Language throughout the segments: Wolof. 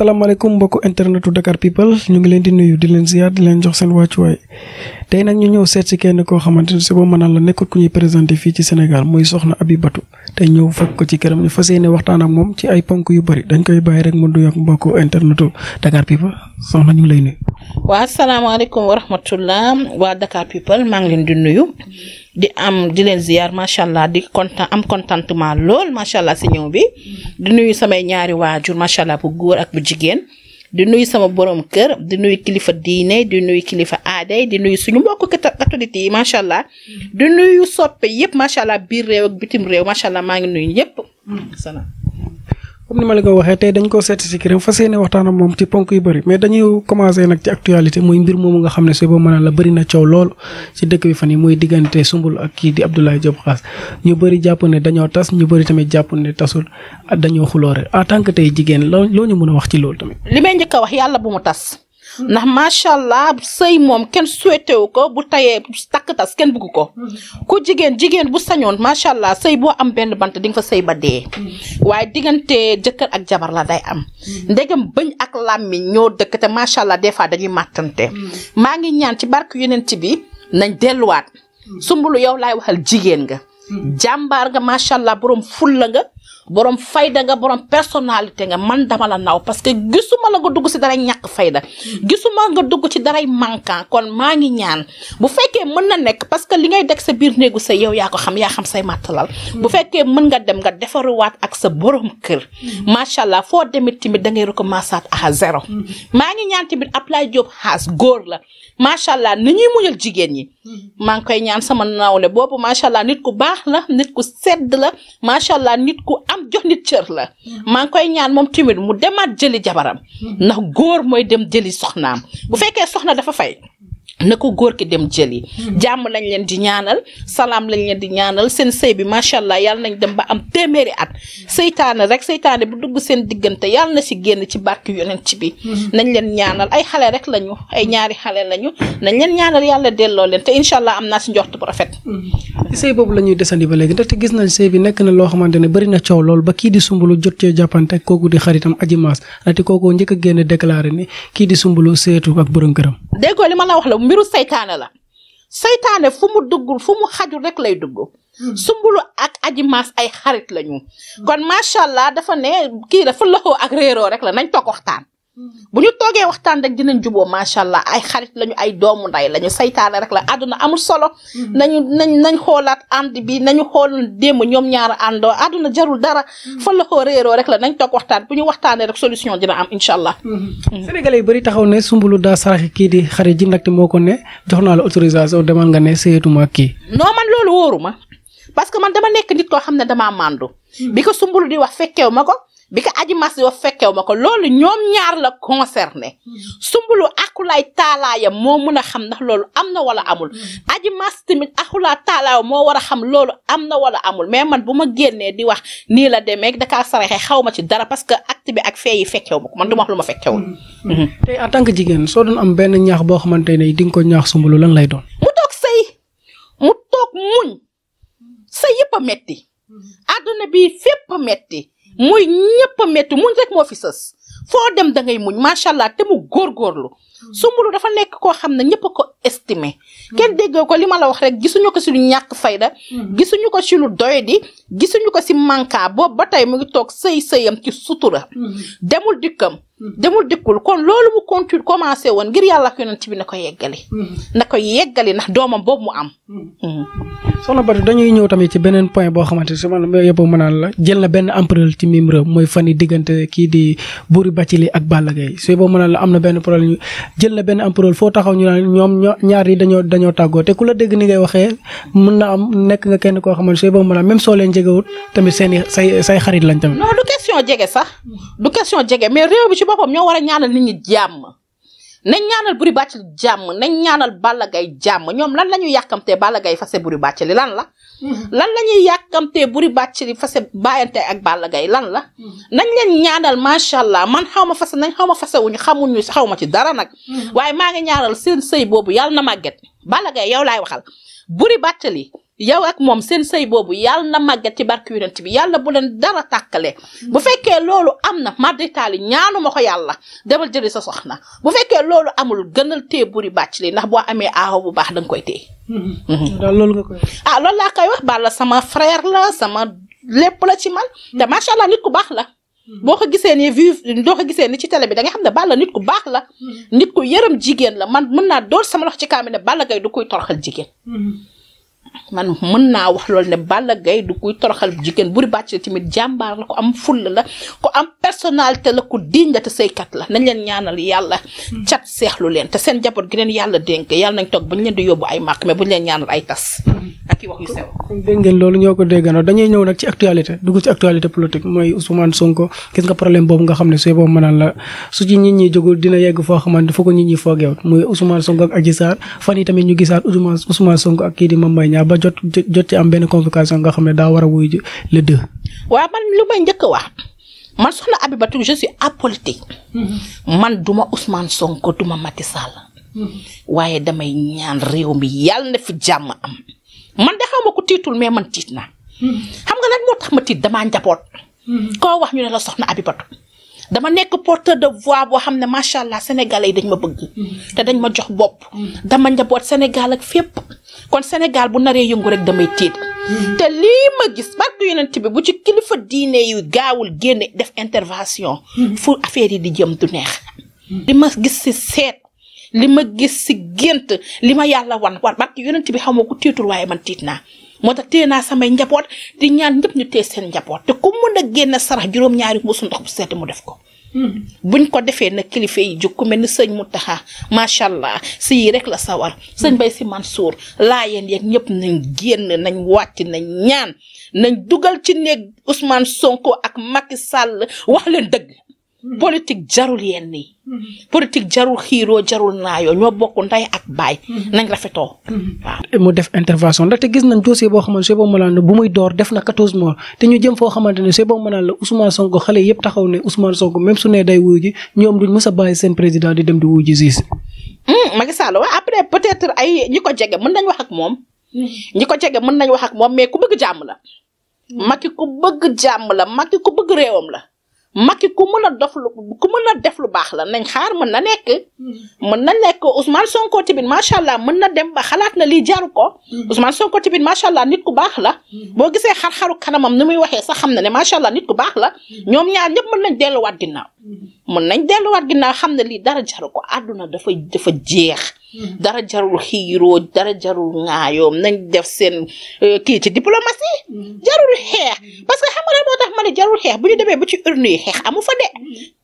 asalaamaaleykum mbokku internetu Dakar People ñu ngi leen di nuyu di leen ziar di leen jox seen wàccuwaay tey nag ñu ñëw seet si kenn koo xamante ne su ma mënal la nekkul ku ñuy présenté fii ci Sénégal muy soxna batu te ñëw fekk ko ci këram ñu fa yéene waxtaan ak moom ci ay ponk yu bari dañ koy bàyyi rek mu nuyoog mbokku internetu Dakar People soxna ñu ngi lay nuyu. waa asalaamaaleykum wa rahmatullah waa Dakar People maa ngi leen di nuyu di am di leen di kontaan am contentement lool macha allah si ñëw bi di nuyu samay ñaari waajur macha allah bu góor ak bu jigéen. di nuyu sama borom kër di nuyu kilifa diine di nuyu kilifa aaday di nuyu suñu mbokk catholique yi macha allah mm-hmm. di nuyu soppe yëpp macha allah biir réew ak bitim réew macha allah maa ngi nuyu ñëpp. Mm-hmm. comme ni ma la ko waxee tey dañ ko seet si këram fas yéene waxtaan moom ci ponk yu bëri mais dañuy commencé nag ci actualité muy mbir moomu nga xam ne su boobu mën la bëri na coow lool ci dëkk bi fan yi muy diggante Soumboulou ak kii di Abdoulaye Diop Khass ñu bëri jàpp ne dañoo tas ñu bëri tamit jàpp ne tasul dañoo xuloore en tant que tey jigéen loo ñu mën a wax ci loolu tamit. li may njëkk a wax yàlla bu mu tas ndax macha allah sëy moom kenn souhaité wu ko bu tayee takk tas kenn bëgg ko. ku jigéen jigéen bu sañoon macha allah sëy boo am benn bant di nga fa sëy ba dee. waaye diggante jëkkër ak jabar la day am. ndegem bëñ ak làmmiñ ñoo dëkk te macha allah des fois dañuy mattante maa ngi ñaan ci barke yonent bi nañ delluwaat. Mm. sumbulu yow laay waxal jigéen nga. Mm. jàmbaar nga macha allah borom ful nga. borom fayda nga borom personnalité nga man dama la naw parce que gisuma la nga dugg ci dara ñàkk fayda gisuma nga dugg ci daray manquant kon maa ngi ñaan bu fekkee mën na nekk parce que li ngay deg sa biir néegu sa yow yaa ko xam yaa xam say màttalal bu hmm. fekkee mën nga dem nga defaruwaat ak sa borom kër hmm. macha allah foo demit timit da ngay recommencer à zéro hmm. maa ngi ñaan tamit Ablaye Diop xaas góor la macha allah ni ñuy jigéen ñi maa ngi koy ñaan sama nawle boobu macha allah nit ku baax la nit ku sedd la macha nit ku am am jox nit cër la maa ngi koy ñaan moom timit mu demaat jëli jabaram ndax góor mooy dem jëli soxnaam bu fekkee soxna dafa fay na ko góor ki dem jëli. jàmm lañ leen di ñaanal salaam lañ leen di ñaanal seen sëy bi macha allah yàlla nañ dem ba am at seytaane rek seytaane bu dugg seen diggante yàlla si génn ci barke yonent bi. nañ leen ñaanal ay xale rek lañu ay ñaari xale lañu nañ leen ñaanal yàlla delloo leen te incha allah am naa si njort bu rafet. ci sëy boobu la ñuy desandi ba léegi ndaxte gis na sëy bi nekk na loo xamante ne bari na coow lool ba kii di sumbulu jot cee jàppante ak kooku di xaritam aji maas ndaxte kooku njëkk génn déclaré ne kii di sumbulu seetu ak borom këram déggoo li ma la wax la mbiru seytaane la seytaane fu mu duggul fu mu xajul rek lay dugg. Hmm. sumbulu ak aji maas ay xarit lañu. kon macha allah dafa ne kii dafa loxo ak réeroo rek la nañ toog waxtaan. bu ñu toogee waxtaan rek dinañ juboo macha allah ay xarit lañu ay doomu nday lañu saytaane rek la àdduna amul solo. Mm. nañu nañ nañ xoolaat ànd bi nañu xool démb ñoom ñaar àndoo àdduna jarul dara. Mm. fa la ko réeroo rek la nañ toog waxtaan bu ñu waxtaanee rek solution dina am incha allah. Mm-hmm. Mm. Sénégalais yu bëri taxaw ne Soumboulou daa saraxi kii di xarit ji ndaxte moo ko ne jox naa la autorisation demal nga ne seetuma kii. non man loolu wóoru ma parce que man dama nekk nit koo xam ne damaa màndu. bi ko sumbulu di wax fekkeewu ma ko. bi ko aji mas yoo fekkew ma ko loolu ñoom ñaar la concerné hmm. sumbulu akulaay taalaayam moo mën a xam ndax loolu am na wala amul hmm. aji mas tamit akulaay taalaayam moo war a xam loolu am na wala amul mais man bu ma génnee di wax nii la demee dakaa saraxee xaw ma ci dara parce que acte bi ak fee yi fekkew ko man du wax lu ma fekkewul hmm. te en tant que jigéen soo doon am benn ñaax boo xamante ne di ko ñaax sumbulu lan lay doon mu toog sëy mu toog muñ sëy bi fépp a metti muy ñëpp a métti muñ rek moo fi sës foo dem da ngay muñ macha allah te mu góorgóorlu Soumboulou dafa nekk koo xam ne ñëpp ko estimé. kenn déggoo ko li ma la wax rek gisuñu ko si lu ñàkk fayda. Mm-hmm. gisuñu ko si lu doyadi. gisuñu ko si manka boobu ba tey mu ngi toog sëy sëyam ci sutura. Mm-hmm. demul dikkam. Mm-hmm. demul dikkul kon loolu mu continue commencé woon ngir yàlla ak yonent bi na ko yeggali. na ko yeggali ndax doomam boobu mu am. soxna Badu dañuy ñëw tamit ci beneen point boo xamante ne su ma yëpp mën a la jël na benn empereur ci mim réew mooy fan yi diggante kii di Boury Bathily ak Balla Gaye su yëpp mën naa am na benn problème jël na benn empereur foo taxaw ñu naan ñoom ñaar yi dañoo tàggoo te ku la dégg ni ngay waxee mën na am nekk nga kenn koo xamante ne boobu maanaam même soo leen jegewut tamit seen i say say xarit lañ tamit. non du question jege sax du question jege mais réew bi ci boppam ñoo war a ñaanal nit ñi jàmm. nañ ñaanal Buri Bàccali jàmm nañ ñaanal Balla Gaye jàmm ñoom lan la ñuy yàkkamtee Balla Gaye fase Buri Bàccali lan la. Mm-hmm. lan la ñuy yàkkamtee Buri Bàccali fase bàyyante ak Balla Gaye lan la. Mm-hmm. nañ leen ñaanal macha allah man xaw ma fase nañ xaw ma fase wuñu xamuñu xaw ma ci dara nag. Mm-hmm. waaye maa ngi ñaanal seen sey boobu yàlla na màgget Balla Gaye yow laay waxal Buri Bàccali yow ak moom seen sëy boobu yàlla na màgget ci barke ti bi yàlla bu leen dara tàkkale mm. bu fekkee loolu am na marditaali ñaanu ma ko yàlla demal jëli sa na bu fekkee loolu amul gënal tee buri bàcc li ndax boo amee aaw bu baax danga koy téye. Mm-hmm. Mm-hmm. loolu nga koy ah laa koy wax Balla sama frère la sama lépp la ci man. Mm. te macha allah nit ku baax la. Mm. boo ko gisee nii vive doo ko gisee ni ci tele bi da nga xam ne bala nit ku baax la. nit ku yërëm jigéen la man mën naa door sama lox ci kam ne Balla Gaye du koy toroxal jigéen. Mm-hmm. man mën naa wax loolu ne Balla Gaye du kuy toroxal jigéen buri bàcc la tamit jàmbaar la ko am full la ko am personnalité la ko diñ la te saykat la nañ leen ñaanal yàlla hmm. cat seexlu leen te seen jaboot gi leen yàlla dénk yàlla nañ toog bañ leen di yóbbu ay màkk mais buñ leen ñaanal ay tas hmm. ak ci actualité dugg mooy Ousmane Sonko gis nga problème boobu nga xam ne su boobu mënaan la su ci nit ñi dina yegg foo xamante foo ko nit ñi foogeewut muy Ousmane Sonko ak Adji Sarr ñaar ba jot jot ci am benn convocation nga xam ne daa war a wuyu ji le deux. man lu may njëkk waa man soxna Abibatou je suis apolitique. Mm-hmm. man duma Ousmane Sonko duma Macky mm-hmm. waaye damay ñaan réew mi yàlla na fi jàmm am. man de xaw ma tiitul mais man tiit naa. Mm-hmm. xam nga lan moo tax ma tiit damaa njaboot. koo wax ñu ne la soxna Abibatou dama nekk porteur de voix boo xam ne macha allah sénégalais yi dañ ma bëgg. te dañ ma jox bopp. dama njaboot Sénégal ak fépp. kon Sénégal bu naree yëngu rek damay tiit te lii ma gis barke yonent bi bu ci kilifa diine yu gaawul génne def intervention fu affaire yi di jëm du neex li ma gis si seet li ma gis si gént li ma yàlla wan war barke yonent bi xamoo ko tiitul waaye man tiit naa moo tax téye na samay njaboot di ñaan ñëpp ñu téye seen njaboot te ku mun a génn sarax juróom-ñaari musu ndox bu mu def ko buñ ko defee nag kilifa yi jóg ku mel ni sëñ Mountakha macha allah si yii rek la sawar. sëñ Bay si Mansour laayeen yeeg ñëpp nañ génn nañ wàcc nañ ñaan nañ dugal ci néeg Ousmane Sonko ak maki sal wax leen dëgg. Hmm. politique jarul yenn yi. Hmm. politique jarul xiiroo jarul naayoo ñoo bokk ndey ak baay. Hmm. nañ rafetoo. waaw mu def intervention ndaxte gis nañ dossier boo xamante ne Sèye boobu ma bu muy door def na 14 mois te ñu jëm foo xamante ne Sèye boobu ma naan la Ousmane Sonko xale yëpp taxaw ne Ousmane Sonko même su ne day wuyu ñoom duñ mës a bàyyi seen président di dem di wuyu ji siis. Macky Sall waaw après peut-être ay ñi ko jege mën nañ wax ak moom. ñi ko jege mën nañ wax ak moom mais ku bëgg jàmm la. Macky ku bëgg jàmm la Macky ku bëgg réewam la. Macky ku mën a dof lu ku mën a def lu baax la nañ xaar mën na nekk. Mm-hmm. mën na nekk Ousmane Sonko tamit macha allah mën na dem ba xalaat na lii jaru ko. Mm-hmm. Ousmane Sonko tamit macha allah nit ku baax la. Mm-hmm. boo gisee xar-xaru kanamam ni muy waxee sax xam na ne macha allah nit ku baax la. ñoom ñaar ñëpp mën nañ delluwaat ginnaaw. mën nañ delluwaat ginnaaw xam na lii dara jaru ko àdduna dafa dafa jeex. Mm-hmm. dara jarul xiiroo dara jarul ŋaayoom nañ def seen euh, kii ci diplomatie mm-hmm. jarul mm-hmm. xeex parce que xam nga moo tax ma ne jarul xeex bu ñu demee ba ci urne yi xeex amu fa de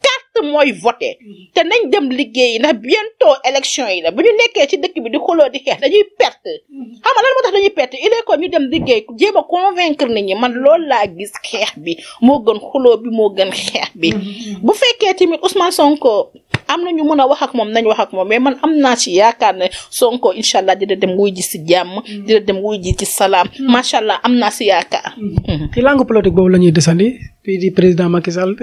carte mooy voté te nañ dem liggéey liggéeyi ndax bientôt élection yi la bu ñu nekkee ci dëkk bi di xuloo di xeex dañuy perte xam nga lan moo tax dañuy perte il est que ñu dem liggéey jéem a convaincre nit ñi man loolu laa gis xeex bi moo gën xuloo bi moo gën xeex bi bu fekkee tamit Ousmane Sonko am na ñu mën a wax ak moom nañ wax ak moom mais man am naa ci yaakaar ne Sonko incha allah dina dem wuy ji si jàmm. Mm. dina dem wuy ji ci salaam. Mm. macha allah am na ci yaakaar. Mm. Mm-hmm. ci langue politique la ñuy desandi fii di président Macky Sall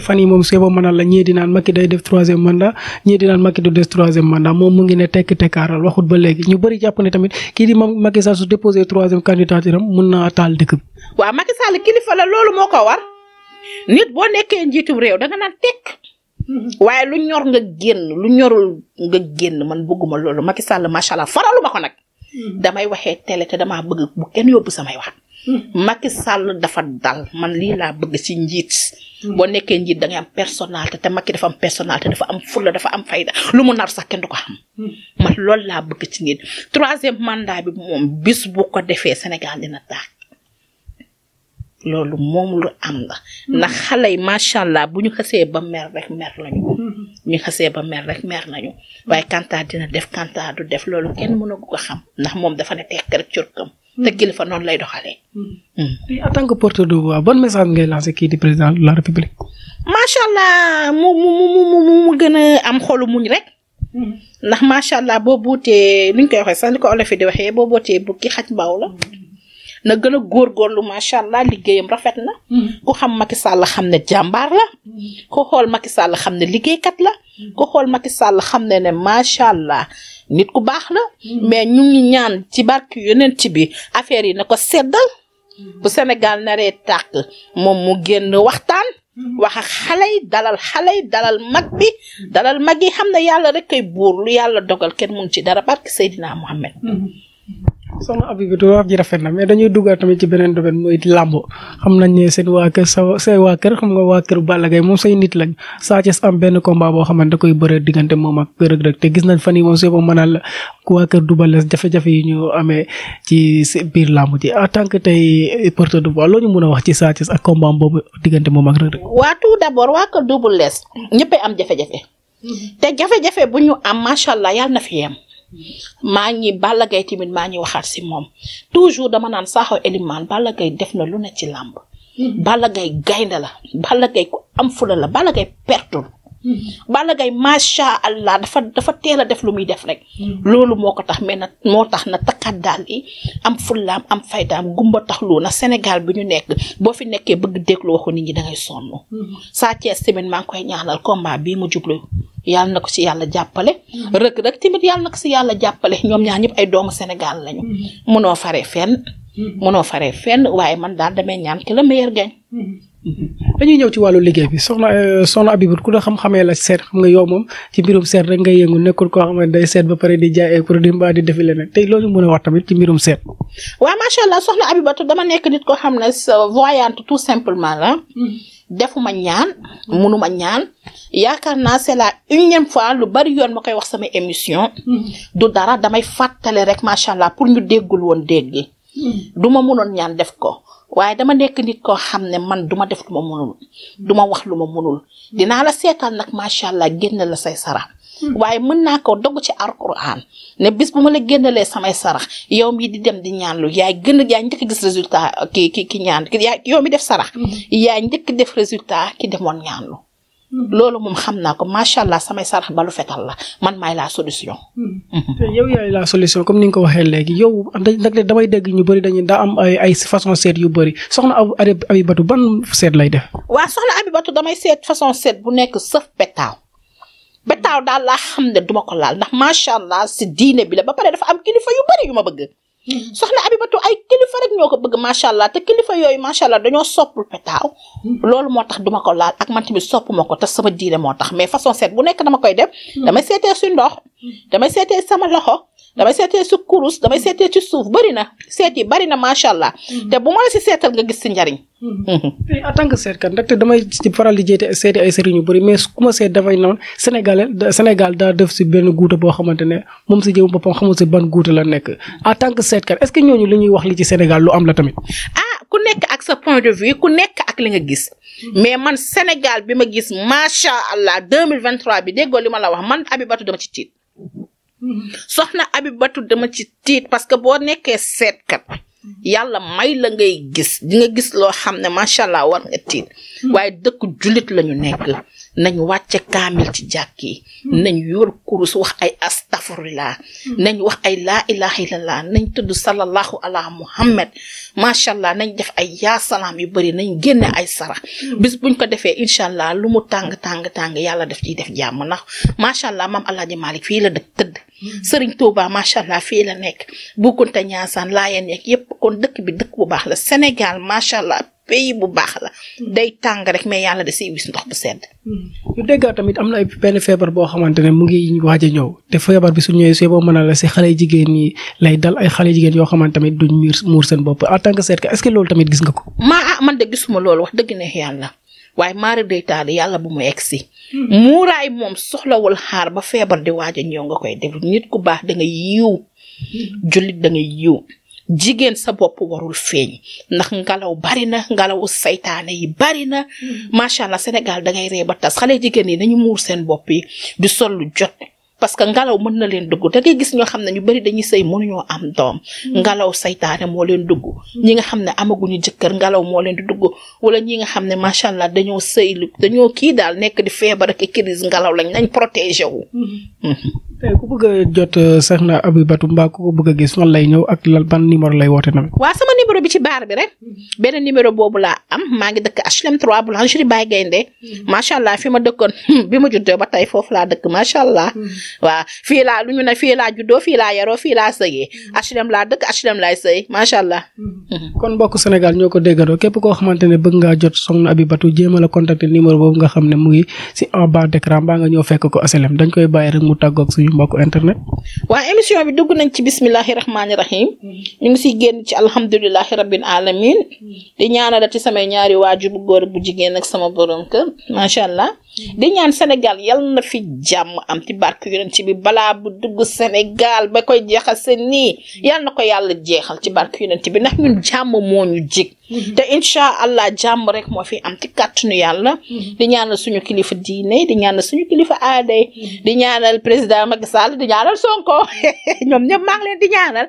fan yi moom suy mënal la ñii di naan day def troisième mandat ñii di naan Macky du def troisième mandat moom ngi ne tekk tekkaaral waxut ba léegi ñu bëri jàpp ne tamit kii di Macky Sall su déposé troisième candidature am mun naa taal dëkk bi. waaw Macky Sall kilifa la loolu moo ko war nit boo nekkee njiitum réew danga waaye lu ñor nga génn lu ñorul nga génn man bëgguma loolu Macky Sall macha allah faralu ma ko nag. Hmm. damay waxee télé te damaa bëgg bu kenn yóbbu samay wax. Hmm. Macky Sall dafa dal man lii laa bëgg ci njiit. Hmm. boo nekkee njiit da ngay am personnalité te Macky dafa am personnalité dafa am fulla dafa am fayda lu mu nar sax kenn du ko xam. man loolu laa bëgg ci njiit troisième mandat bi moom bis bu ko defee Sénégal dina tax. loolu moom lu am la ndax xale yi macha allah bu ñu xasee ba meer rek mer nañu ñu xasee ba meer rek mer nañu waaye kantaa dina def kantaa du def loolu kenn mënagu ko xam ndax moom dafa ne tekk rek curkam te kilifa noonu lay doxalee. tey en porte de voix bon message ngay lancé kii di président de la république. macha allah mu mu mu mu mu gën a am xolu muñ rek. ndax macha allah boo tee ni ñu koy waxee sax ni ko olof yi di waxee boo buutee bukki xaj mbaaw la. na góor góor lu macha allah liggéeyam rafet na. Mm. ku xam Macky Sall xam ne jàmbaar la. Mm. ku xool Macky Sall xam ne liggéeykat la. Mm. xool Macky Sall xam ne ne macha allah nit ku baax na mais ñu ngi ñaan ci barke yonent bi affaire yi na ko seddal. bu Sénégal naree tàkk moom mu génn waxtaan. wax ak xale yi dalal xale yi dalal mag bi dalal mag yi xam ne yàlla rek koy buur lu yàlla dogal kenn mun ci dara barke Seydina Mohamed. soxna Habibou wax ji rafet na mais dañuy duggaat tamit ci beneen domaine mooy làmb xam nañ ne seen waa kër sa say waa kër xam nga waa kër Balla Gaye moom say nit lañ Sa am benn combat boo xamante da koy bëree diggante moom ak Reug Reug te gis nañ fan yii moom suy ko mënal waa kër Double Less jafe-jafe yi ñu amee ci biir làmb ji en tant que tey porteur de voix loo ñu a wax ci Sa Thiès ak combat boobu diggante moom ak Reug Reug. waa tout d'abord waa kër Double Less ñëpp jafe-jafe. Mm-hmm. te jafe bu ñu am macha allah yàlla na fi yem. maa ngi Balla Gaye tamit maa ngi waxaat si moom toujours dama naan Sakho Elimane Balla Gaye def na lu ne ci làmb mm-hmm. Balla Gaye gaynde la Balla Gaye ku am fula la bala Gaye pertul Balla Gaye macha allah dafa dafa teel a def lu muy def rek. loolu moo ko tax mais na moo tax na takkaat daal i am fullaam am faydaam gumba tax lu na Sénégal bu ñu nekk boo fi nekkee bëgg déglu waxu nit ñi da ngay sonn. saa Thiès tamit maa ngi koy ñaanal combat bii mu jublu yàlla na ko si yàlla jàppale. rëkk rek tamit yàlla na ko si yàlla jàppale ñoom ñaar ñëpp ay doomu Sénégal lañu. mënoo faree fen mënoo mm-hmm. faree fenn waaye man daal damay ñaan ki la meilleur gagne. dañuy ñëw ci wàllu liggéey bi soxna euh, soxna Abibou ku la xam-xamee la seet xam nga yow moom ci mbirum seet rek nga yëngu nekkul ko xam ne day seet ba pare di ay produit mbaa di defi leneen tey loolu mën wax tamit ci mbirum seet. waaw macha allah soxna Abibou dama nekk nit koo xam ne voyante tout simplement la. Hmm. defuma ñaan munuma ñaan yaakaar naa c'est la unième fois lu bari yoon ma koy wax sama émission. Hmm. du dara damay fàttale rek macha allah pour ñu déggul woon dégg. Hmm. du ma mënoon ñaan def ko. waaye dama nekk nit koo xam ne man duma def lu ma mënul duma wax lu ma mënul dinaa la seetal nag macha allah génn la say sarax waaye mën naa ko dogg ci alquran ne bis bu ma la génnalee samay sarax yow mii di dem di ñaanlu yaay gën a yaay njëkk gis résultat ki ki ki ñaan ki yow mi def sarax mm-hmm. yaay njëkk def résultat ki demoon ñaanlu loolu moom xam naa ko macha allah samay sarax balu fetal la man maay la solution. Hmm. te yow yaay la solution comme ni nga ko waxee léegi yow nag damay dégg ñu bëri dañu daa am ay façon seet yu bëri soxna Abibatu ban seet lay def. waa soxna Abibatu damay seet façon seet bu nekk sëf petaaw petaaw daal laa xam ne duma ko laal ndax macha allah si diine bi la ba pare dafa am kilifa yu bëri yu ma bëgg. soxna Abibatu ay kilifa rek ñoo ko bëgg macha allah te kilifa yooyu macha allah dañoo soppul petaaw. Hmm. loolu moo tax duma ko laal ak man tamit soppu ma ko te sama diine moo tax mais façon seet bu nekk dama koy def. Hmm. damay seetee suy ndox. Hmm. damay seetee sama loxo. damay seetee su kurus damay seetee ci suuf bëri na seet yi bëri na macha allah. Mm-hmm. te bu ma la si seetal nga gis si njariñ. Mm-hmm. Mm-hmm. tey en tant que seetkat di jeete seeti ay bëri mais ku dafay naan Sénégal Sénégal daa def si benn guuta boo xamante ne moom si jëm boppam xamul si la nekk en tant que seetkat est-ce que ñooñu ci Sénégal lu am la tamit. Ah, ku nekk ak sa point ku nekk ak li nga gis mais man Sénégal bi ma gis macha allah 2023 bi déggoo li ma la wax man Abibatou dama ci tiit. soxna Abibatu dama ci tiit parce que boo nekkee seetkat yàlla may la ngay gis di nga gis loo xam ne macha allah war nga tiit hmm. waaye dëkk jullit lañu nekk nañ wàcce kaamil ci jàkk yi hmm. nañ yor kurus wax ay astafurlaa hmm. nañ wax ay laa ilaha illallah nañ tudd sallallahu ala muhammad macha allah nañ def ay yaa salaam yu bëri nañ génne ay sara hmm. bis buñ ko defee incha allah lu mu tàng tàng tàng yàlla def ciy def jàmm ndax macha allah maam Alaaji Malik fii la dëkk tëdd Sëriñ Touba macha allah fii la nekk Boukounta Niassane Laayeen nekk yépp kon dëkk bi dëkk bu baax la Sénégal macha allah pays bu baax la. day tàng rek mais yàlla da siy wis ndox bu sedd. Hmm. ñu déggaat tamit am na ay benn feebar boo xamante ne mu ngi waaj a ñëw te feebar bi su ñëwee su boo mën a la si xale jigéen ñi yoo xamante tamit duñ miir muur seen bopp en tant que seet est ce que loolu tamit gis nga ko. maa ah man de gisuma loolu wax dëgg neex yàlla. waaye maari day taali yàlla bu mu egg si hmm. muuraay moom soxlawul xaar ba feebar di waaj a ñëw nga koy def nit ku baax da nga yiw hmm. jullit da yiw jigéen sa bopp warul feeñ ndax ngelaw bari na ngelawu saytaane yi bari na hmm. macha allah Sénégal dangay ree ba tas xale jigéen yi nañu muur seen bopp yi di sol lu jot parce que ngelaw mën na leen dugg te ngay gis ñoo xam ne ñu bari dañuy sëy mënuñoo am doom hmm. ngelaw saytaane moo leen dugg hmm. ñi nga xam ne amaguñu jëkkër ngelaw moo leen di dugg wala ñi nga xam ne macha allah dañoo sëy lu dañoo kii daal nekk di feebar ak crise ngelaw lañ nañ protégé wu hmm. tey ku bëgg jot Sokhna na mbaa ku ko bëgg a gis fan lay ñëw ak lan ban numéro lay woote na waaw sama numéro bi ci baar bi rek benn numéro boobu laa am maa ngi dëkk HLM 3 boulangerie Baye Gaynde macha allah fi ma dëkkoon bi ma juddoo ba tey foofu laa dëkk macha allah waaw fii laa lu ñu ne fii laa juddoo fii laa yaroo fii laa sëyee HLM mm-hmm. laa dëkk HLM laay sëy macha allah. Mm-hmm. Mm-hmm. kon mbokk Sénégal ñoo ko déggandoo képp koo xamante ne bëgg ngaa jot soxna Abibatou jéem a la contacter numéro boobu nga xam mu ngi si en bas d'écran ko HLM dañ mu tàggoog suñu mbokk internet. waa émission bi dugg nañ ci bismillahi rahmaani rahim ñu ngi siy génn ci alhamdulilahi rabbil alamin di ñaanal ci samay ñaari waajur bu góor bu jigéen ak sama borom kër macha allah di ñaan Sénégal yal na fi jàmm am ci barke yonent bi balaa bu dugg Sénégal ba koy jeexal seen nii yal na ko yàlla jeexal ci barke yonent bi ndax ñun jàmm moo ñu Mm-hmm. te incha allah jàmm rek moo fi am ci kàttanu yàlla. Mm-hmm. di ñaanal suñu kilifa diine di ñaanal suñu kilifa aaday. Mm-hmm. di ñaanal président Macky Sall di ñaanal Sonko ñoom ñëpp maa leen di ñaanal.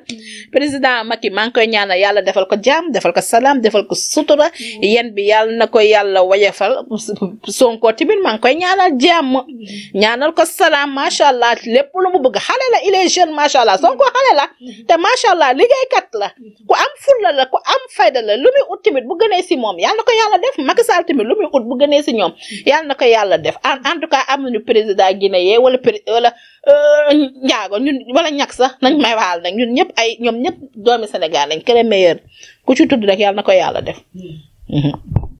président Macky maa ngi koy ñaanal yàlla defal ko jàmm defal ko salaam defal ko sutura. yéen bi yàlla na ko yàlla wayafal Sonko tamit maa ngi koy ñaanal jàmm. ñaanal ko salaam macha allah lépp lu mu bëgg xale la il jeune macha allah Sonko xale la te macha allah liggéeykat la ku am fulla ut tamit bu gënee si moom yàlla na ko yàlla def Macky Sall tamit lu muy ut bu nee si ñoom yàlla na ko yàlla def en en tout cas am nañu président yee wala wala euh, njaago ñun wala ñak sax nañ may waal nag ñun ñëpp ay ñoom ñëpp doomi Sénégal lañ que le ku ci tudd rek yàlla na ko yàlla def. Hmm. Hmm.